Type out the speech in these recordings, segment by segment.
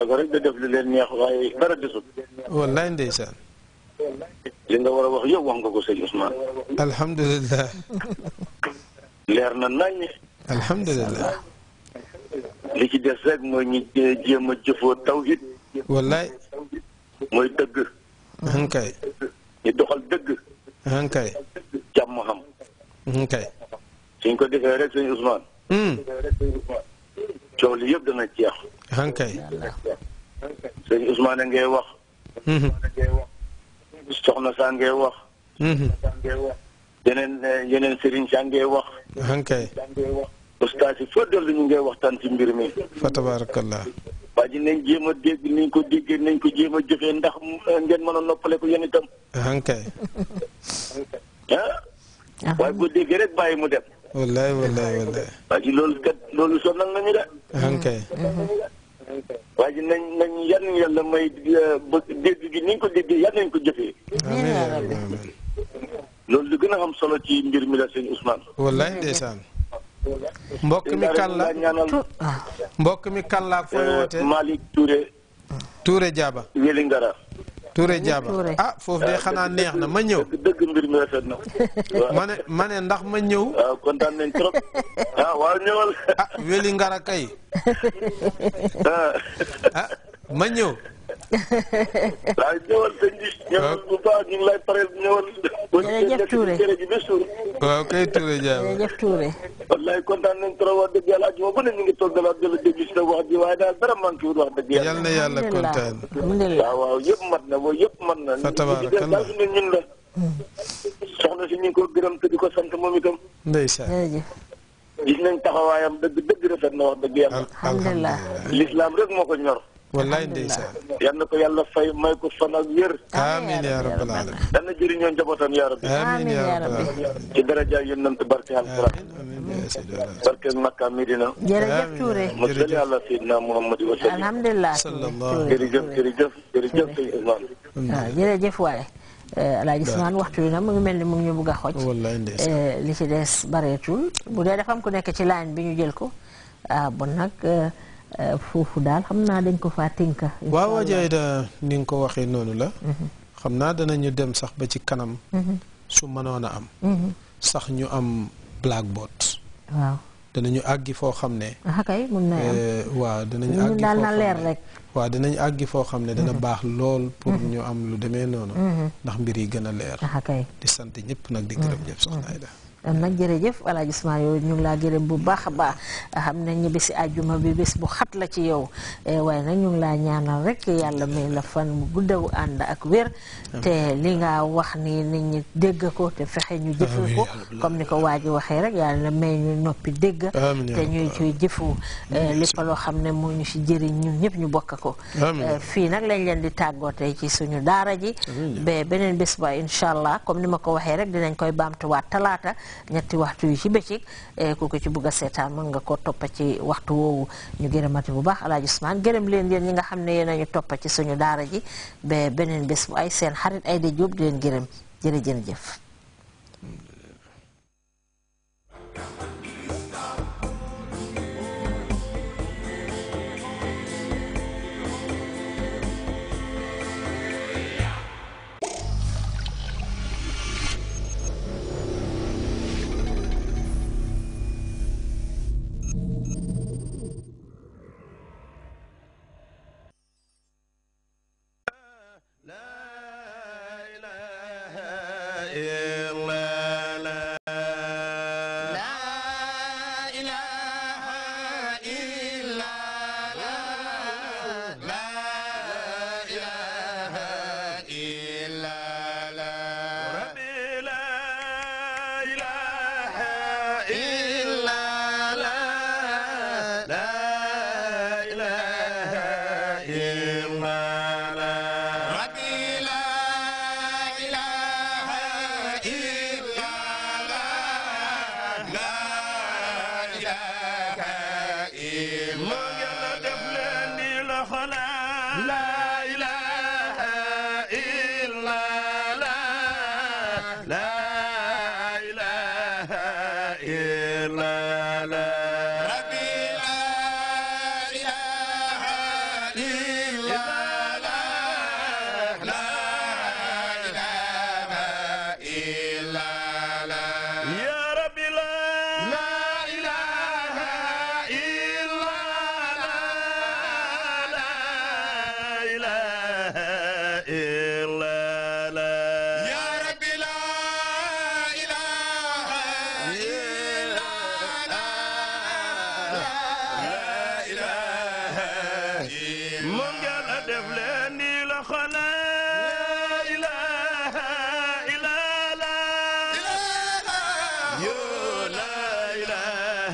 ko rek da neex waaye dara desul. wallaay ndeysaan. li nga war a wax yëpp wax ko sëñ Ousmane. alhamdulilah. leer na naññ. alhamdulilah. li ci des rek mooy ñu jéem a jëfoo tawhid. wallaay. mooy dëgg. hankay. ñu doxal dëgg. hankay. jàmm xam. hankay. suñ ko defee rek sëñ Ousmane. Hmm. coow li yëpp dana jeex. hankay. sëñ Ousmane a ngay wax. Mhm. soxna saa mhm. ngay wax. yeneen eh, yeneen sëriñ saa ngay wax. hankay. ustaas yi foo dellu ñu ngay waxtaan si mbir mi. fa tabarakallah. waa ji nañ jéem a dégg nañ ko déggee nañ ko jéem a ndax eh, ngeen mën a noppale ko yéen itam. hankay. ah. waaye boo déggee rek bàyyi mu dem. wallaay wallaay wallaay. waa loolu kat loolu nañu de. hankay. Mhm. waa ji nañ nañ yan yàlla may euh, dégg gi ni ko déggee yan nañ ko jëfee. loolu li gën a am solo ci mbir mi la sëñ Ousmane. wallaay ndeysaan. mbokk mi kan la mbokk mi kan la ak fooy wootee euh, Malick Touré. Touré Diaba. Touré Diaba ah foofu de ah, xanaa neex na ma ñëw. ma ne ma ne ndax ma ñëw. waaw ah, kontaan ah, waaw ñëwal. ah weli ngara kay. ma ñëw. waaw ñëwal sëñ bi. ñëwal ah. bu baax ñu ngi lay pare ñëwal. jërëjëf Touré waaw kay Touré Dia. jërëjëf kontaan nañ trop wax dëgg yàlla ajuma bu ne ñu ngi toog dalaat jëla déglu si wax ji waaye daal dara manqué wul wax dëgg yàlla. yal na yàlla kontaan. waaw waaw yëpp mat na booy yëpp mat na. fa tabaarakallah ñun ñun la. soxna si ñu ngi ko gërëm te di ko sant moom itam. ndeysaan jërëjëf. gis nañ taxawaayam dëgg dëgg rafet na wax dëgg yàlla. alhamdulilah lislaam rek moo ko ñor wallaay ndeysaan yal na ko yàlla fay may ko fan ak wér amiin yaa rabbal alamin dana jëriñoo njabootam yaa rabbi amiin yaa rabbi ci daraja yonent barke alquran barke Makka Medina jërëjëf Touré mu sali àlla sayyidina Muhammad wa sallam alhamdulilah jërëjëf jërëjëf ah, jërëjëf sëñ Ousmane waaw jërëjëf waaye eh, Alaaji Ousmane waxtu wi nag mu ngi mel ni mu ngi ñu bugg a xooj eh, li ci des bareetul bu dee ah bon nag eh, Euh, foofu daal xam naa dañ ko fa tënka. waaw jaay da ni nga ko waxee noonu la. Mhm. xam naa danañu dem sax ba ci kanam. Mhm. su mënoon a am. Mhm. sax ñu am blackboard. waaw danañu foo xam ne. ah kay mun na am euh, waaw danañu. àggi àggi foo xam ne dana baax lool. pour ñu am lu demee noonu. ndax mbir yi gën a leer. di sant ñëpp nag di gërëm ñëpp soxna Aida. kon nag jërëjëf El Hadj Ousmane yow ñu laa gërëm bu baax a baax xam nañ ne bési àjjuma bi bés bu xat la ci yow e, waaye nag ñu laa ñaanal rek yàlla may la fan bu guddaw ànd ak wér. te li nga wax ni nit ñi dégg ko te fexe ñu jëfee ko comme ni ko waa ji waxee rek yàlla na may ñu noppi dégg. te ñuy ciy jëfu e, lépp loo xam ne moo ñu si jëriñ ñun ñëpp ñu bokk ko. E, fii nag lañ leen di tàggootee ci suñu daara ji. ba beneen bés ba incha allah comme ni ma ko waxee rek dinañ koy baamtuwaat talaata. ñetti waxtu yi ci bëccëg e ku ko ci bugg seetaan mën nga koo toppa ci waxtu woowu ñu gërëmati bu baax Alaaji Usmaan gërëm leen yéen ñi nga xam ne yéen a ñu toppa ci suñu daara ji ba beneen bés bu ay seen xarit ay Diop di leen gërëm jëf إله moo gën a def leen nii la xolaa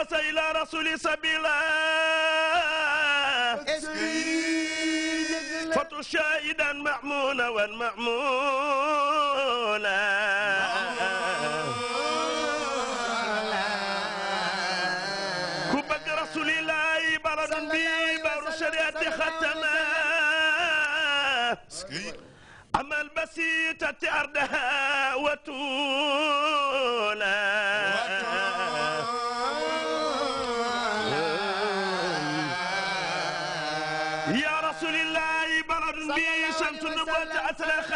وغص إلى رسول سبيلا فتو شاهدا مأمونا والمأمونا كبك رسول الله برد بي بر شريعة ختما أما البسيطة أردها وتولا رسول الله برم بي شمس النبوة أسلخت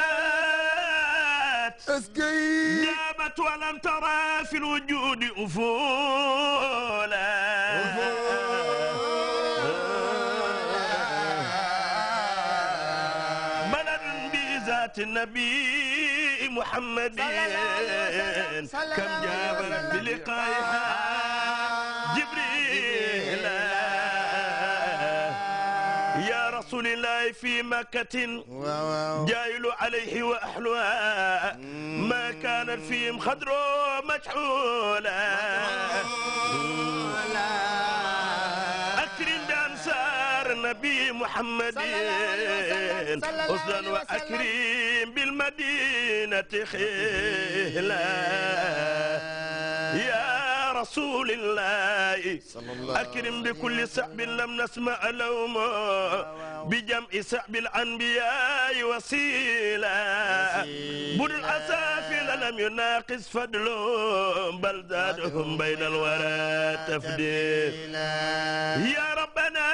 أسقي جابت ولم ترى في الوجود أفولا بلد بذات النبي محمد كم جابت بلقائها جبريل رسول الله في مكة جايل عليه وأحلها ما كان فيهم خدر مجحولا أكرم بأنصار النبي محمد أصلا وأكرم بالمدينة خيلا يا رسول الله أكرم بكل سحب لم نسمع لهم بجمع سحب الأنبياء وسيلة بن الأسافل لم يناقص فضلهم بل زادهم بين الورى تفديل يا ربنا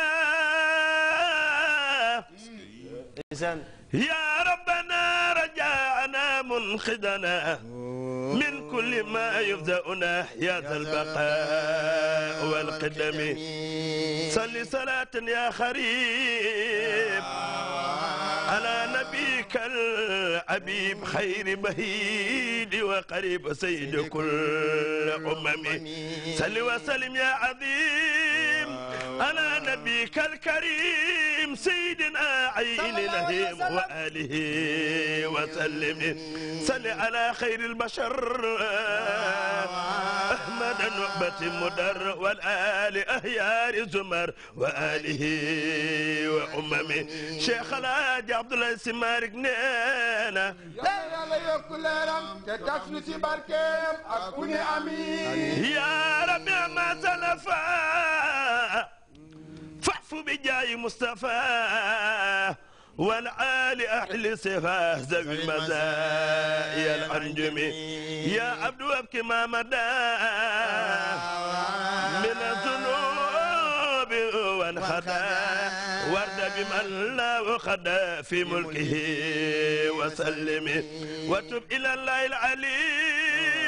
يا ربنا رجعنا منخدنا من كل ما يبدأنا يا ذا البقاء والقدم صل صلاة يا خريب على نبيك الحبيب خير مهيد وقريب سيد كل أمم. أمم صل وسلم يا عظيم أنا نبيك الكريم سيدنا عين له وآله وسلم سل على خير البشر أحمد نعبة مدر والآل أهيار زمر وآله وأمم شيخ الحاج عبد الله السمار جنانا لا يا كلارم تكاسلو سي أكوني أمين يا رب ما سلفان زي مصطفى والعالي أحلي صفاه زي مزايا العنجمي يا عبد وابكي ما مدى آه، من الذنوب والخطايا ورد بمن لا وخدا في ملكه وسلم وتب إلى الله العلي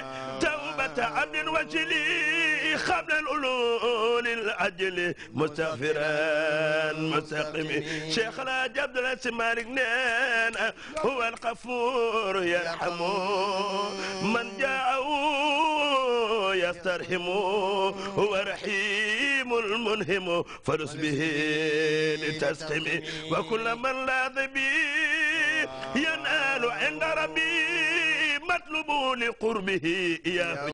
آه. توبة عبد وجليل قبل الأولول الأجل مستغفرا مستقيم شيخنا لا جبد مالك نين هو القفور يرحم من جاءه يسترحم هو رحيم المنهم فرس به لتستهم وكل من لاذ به ينال عند ربي مطلب لقربه يا